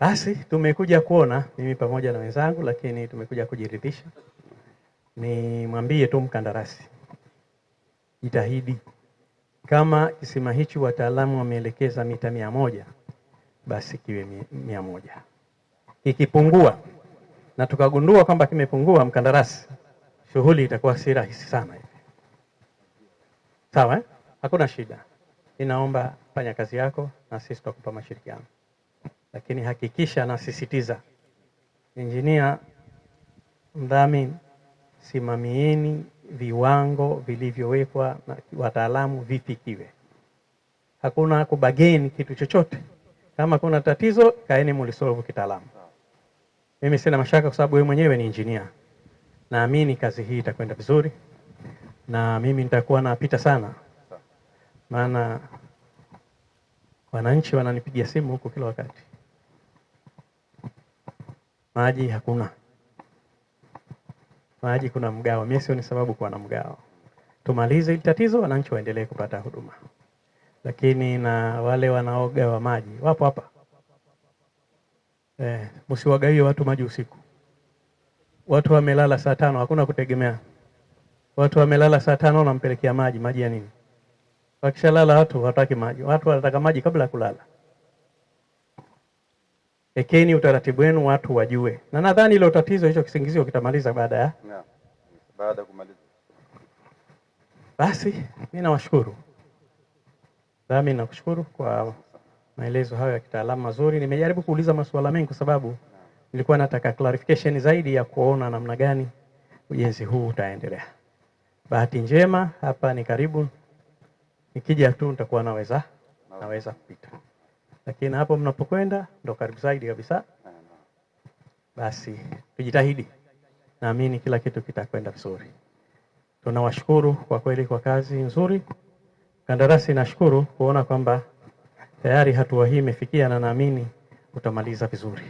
Basi tumekuja kuona mimi pamoja na wenzangu, lakini tumekuja kujiridhisha. Nimwambie tu mkandarasi, jitahidi kama kisima hichi wataalamu wameelekeza mita mia moja basi kiwe mia moja. kikipungua na tukagundua kwamba kimepungua, mkandarasi, shughuli itakuwa si rahisi sana hivi. Sawa eh? Hakuna shida, inaomba fanya kazi yako na sisi tutakupa mashirikiano lakini hakikisha, nasisitiza, injinia mdhamini, simamieni viwango vilivyowekwa na wataalamu vifikiwe. Hakuna kubageni kitu chochote. Kama kuna tatizo, kaeni mulisolvu kitaalamu. Mimi sina mashaka, kwa sababu wewe mwenyewe ni injinia. Naamini kazi hii itakwenda vizuri, na mimi nitakuwa napita sana, maana wananchi wananipigia simu huku kila wakati maji hakuna maji, kuna mgao. Mimi ni sababu kuwa na mgao. Tumalize hili tatizo, wananchi waendelee kupata huduma. Lakini na wale wanaogawa maji wapo hapa eh, msiwagawie watu maji usiku. Watu wamelala saa tano, hakuna kutegemea. Watu wamelala saa tano, unampelekea maji. Maji ya nini? Wakishalala watu hawataki maji, watu wanataka maji kabla ya kulala. Ekeni utaratibu wenu watu wajue, na nadhani ilo tatizo hicho kisingizio kitamaliza baada ya yeah. Baada kumaliza basi, mimi nawashukuru nami nakushukuru kwa maelezo hayo ya kitaalamu mazuri. Nimejaribu kuuliza masuala mengi kwa sababu nilikuwa nataka clarification zaidi ya kuona namna gani ujenzi huu utaendelea. Bahati njema hapa ni karibu, nikija tu nitakuwa naweza naweza kupita lakini hapo mnapokwenda ndo karibu zaidi kabisa. Basi tujitahidi, naamini kila kitu kitakwenda vizuri. Tunawashukuru kwa kweli kwa kazi nzuri. Kandarasi, nashukuru kuona kwamba tayari hatua hii imefikia, na naamini utamaliza vizuri,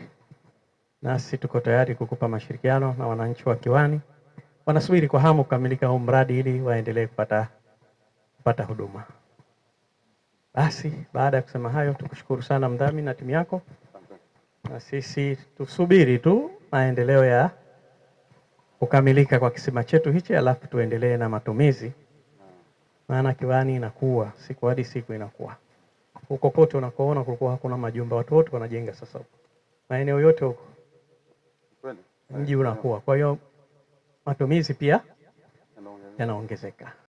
nasi tuko tayari kukupa mashirikiano, na wananchi wa Kiwani wanasubiri kwa hamu kukamilika huu mradi ili waendelee kupata kupata huduma. Basi baada ya kusema hayo, tukushukuru sana mdhamini na timu yako, na sisi tusubiri tu maendeleo ya kukamilika kwa kisima chetu hichi, alafu tuendelee na matumizi, maana Kiwani inakuwa siku hadi siku inakuwa huko kote unakoona kulikuwa hakuna majumba, watu wote wanajenga sasa huko maeneo yote huko, mji unakuwa. Kwa hiyo matumizi pia yanaongezeka.